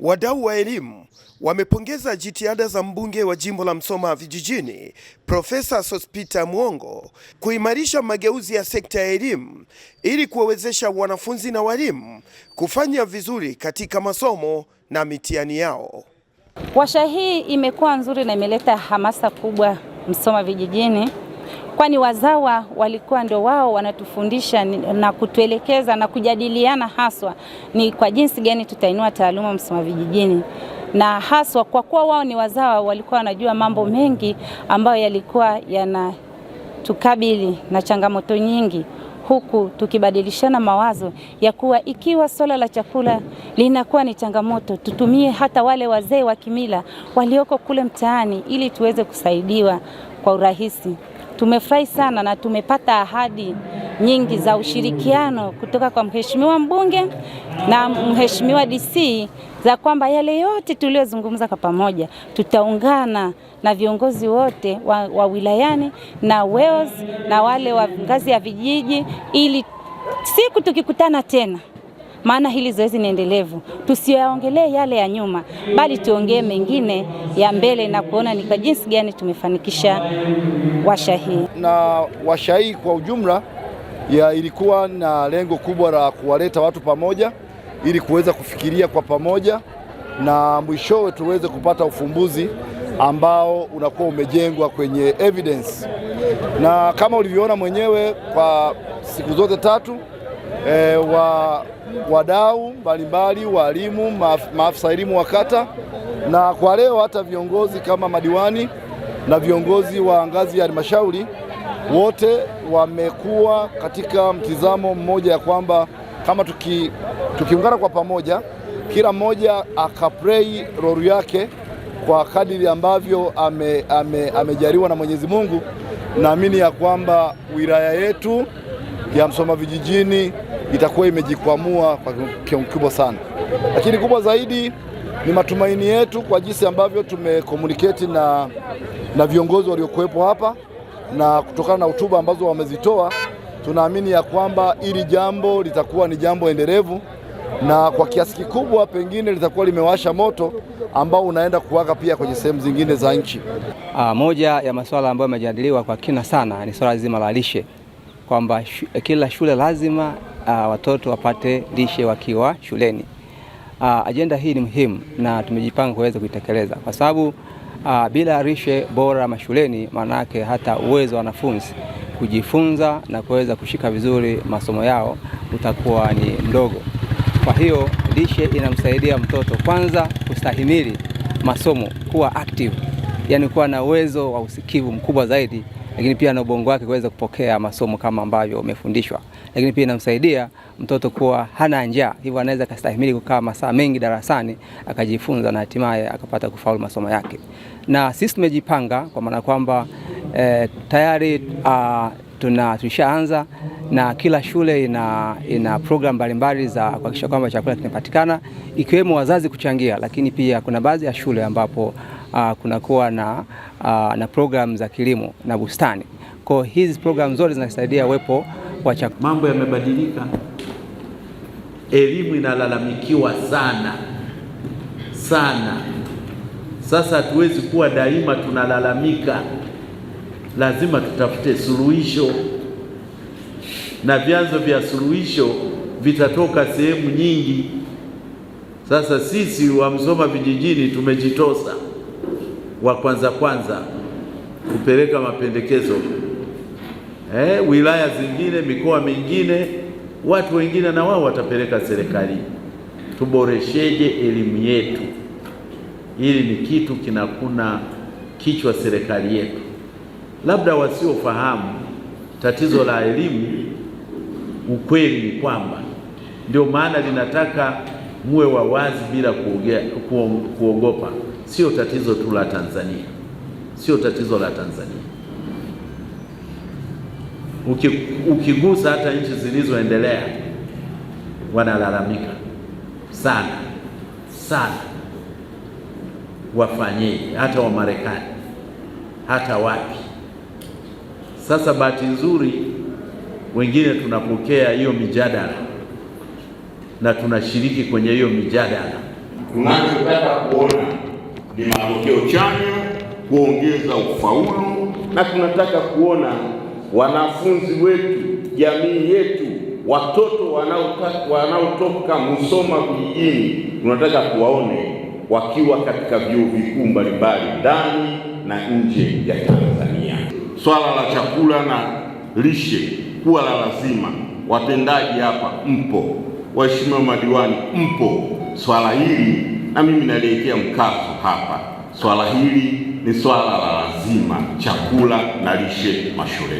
Wadau wa elimu wamepongeza jitihada za mbunge wa jimbo la Msoma vijijini Profesa Sospeter Muhongo kuimarisha mageuzi ya sekta ya elimu ili kuwawezesha wanafunzi na walimu kufanya vizuri katika masomo na mitihani yao. Washa hii imekuwa nzuri na imeleta hamasa kubwa Msoma vijijini kwani wazawa walikuwa ndio wao wanatufundisha na kutuelekeza na kujadiliana haswa ni kwa jinsi gani tutainua taaluma Msoma Vijijini na haswa kwa kuwa wao ni wazawa walikuwa wanajua mambo mengi ambayo yalikuwa yanatukabili na changamoto nyingi, huku tukibadilishana mawazo ya kuwa ikiwa swala la chakula linakuwa ni changamoto, tutumie hata wale wazee wa kimila walioko kule mtaani ili tuweze kusaidiwa kwa urahisi. Tumefurahi sana na tumepata ahadi nyingi za ushirikiano kutoka kwa mheshimiwa mbunge na mheshimiwa DC za kwamba yale yote tuliyozungumza kwa pamoja tutaungana na viongozi wote wa, wa wilayani na wales, na wale wa ngazi ya vijiji ili siku tukikutana tena maana hili zoezi ni endelevu. Tusiyaongelee yale ya nyuma, bali tuongee mengine ya mbele na kuona ni kwa jinsi gani tumefanikisha washa hii. Na washa hii kwa ujumla ya ilikuwa na lengo kubwa la kuwaleta watu pamoja ili kuweza kufikiria kwa pamoja na mwishowe tuweze kupata ufumbuzi ambao unakuwa umejengwa kwenye evidence, na kama ulivyoona mwenyewe kwa siku zote tatu e, wa wadau mbalimbali, walimu, maafisa elimu wa kata, na kwa leo hata viongozi kama madiwani na viongozi wa ngazi ya halmashauri wote wamekuwa katika mtizamo mmoja ya kwamba kama tuki, tukiungana kwa pamoja, kila mmoja akaprei roru yake kwa kadiri ambavyo ame, ame, amejaliwa na Mwenyezi Mungu, naamini ya kwamba wilaya yetu ya Msoma vijijini itakuwa imejikwamua kwa kiwango kikubwa sana, lakini kubwa zaidi ni matumaini yetu kwa jinsi ambavyo tumekomuniketi na, na viongozi waliokuwepo hapa na kutokana na hotuba ambazo wamezitoa, tunaamini ya kwamba hili jambo litakuwa ni jambo endelevu na kwa kiasi kikubwa pengine litakuwa limewasha moto ambao unaenda kuwaka pia kwenye sehemu zingine za nchi. Aa, ah, moja ya masuala ambayo yamejadiliwa kwa kina sana ni swala zima la lishe, kwamba shu, kila shule lazima uh, watoto wapate lishe wakiwa shuleni. Uh, ajenda hii ni muhimu na tumejipanga kuweza kuitekeleza kwa sababu uh, bila lishe bora mashuleni, maanake hata uwezo wa wanafunzi kujifunza na kuweza kushika vizuri masomo yao utakuwa ni mdogo. Kwa hiyo lishe inamsaidia mtoto kwanza kustahimili masomo, kuwa active, yani kuwa na uwezo wa usikivu mkubwa zaidi lakini pia na ubongo wake kuweza kupokea masomo kama ambavyo umefundishwa, lakini pia inamsaidia mtoto kuwa hana njaa, hivyo anaweza akastahimili kukaa masaa mengi darasani akajifunza na hatimaye akapata kufaulu masomo yake. Na sisi tumejipanga kwa maana kwamba eh, tayari uh, tuna tulishaanza na kila shule ina, ina programu mbalimbali za kuhakikisha kwamba chakula kinapatikana ikiwemo wazazi kuchangia, lakini pia kuna baadhi ya shule ambapo uh, kunakuwa na, uh, na programu za kilimo na bustani. Kwa hizi programu zote zinasaidia uwepo wa chakula. Mambo yamebadilika, elimu inalalamikiwa sana sana. Sasa hatuwezi kuwa daima tunalalamika lazima tutafute suluhisho, na vyanzo vya suluhisho vitatoka sehemu nyingi. Sasa sisi wa Msoma vijijini tumejitosa wa kwanza kwanza kupeleka mapendekezo eh, wilaya zingine, mikoa mingine, watu wengine na wao watapeleka serikalini, tuboresheje elimu yetu? Hili ni kitu kinakuna kichwa serikali yetu. Labda wasiofahamu tatizo la elimu, ukweli ni kwamba ndio maana linataka muwe wawazi bila kuogea, kuogopa. Sio tatizo tu la Tanzania, sio tatizo la Tanzania. Ukigusa hata nchi zilizoendelea wanalalamika sana sana, wafanyeje? Hata Wamarekani, hata wapi sasa bahati nzuri, wengine tunapokea hiyo mijadala na tunashiriki kwenye hiyo mijadala. Tunachotaka kuona ni matokeo chanya, kuongeza ufaulu, na tunataka kuona wanafunzi wetu, jamii yetu, watoto wanaotoka Musoma vijijini, tunataka kuwaone wakiwa katika vyuo vikuu mbalimbali ndani na nje ya Tanzania swala la chakula na lishe kuwa la lazima. Watendaji hapa mpo, waheshimiwa madiwani mpo, swala hili na mimi naliwekea mkazo hapa. Swala hili ni swala la lazima, chakula na lishe mashuleni.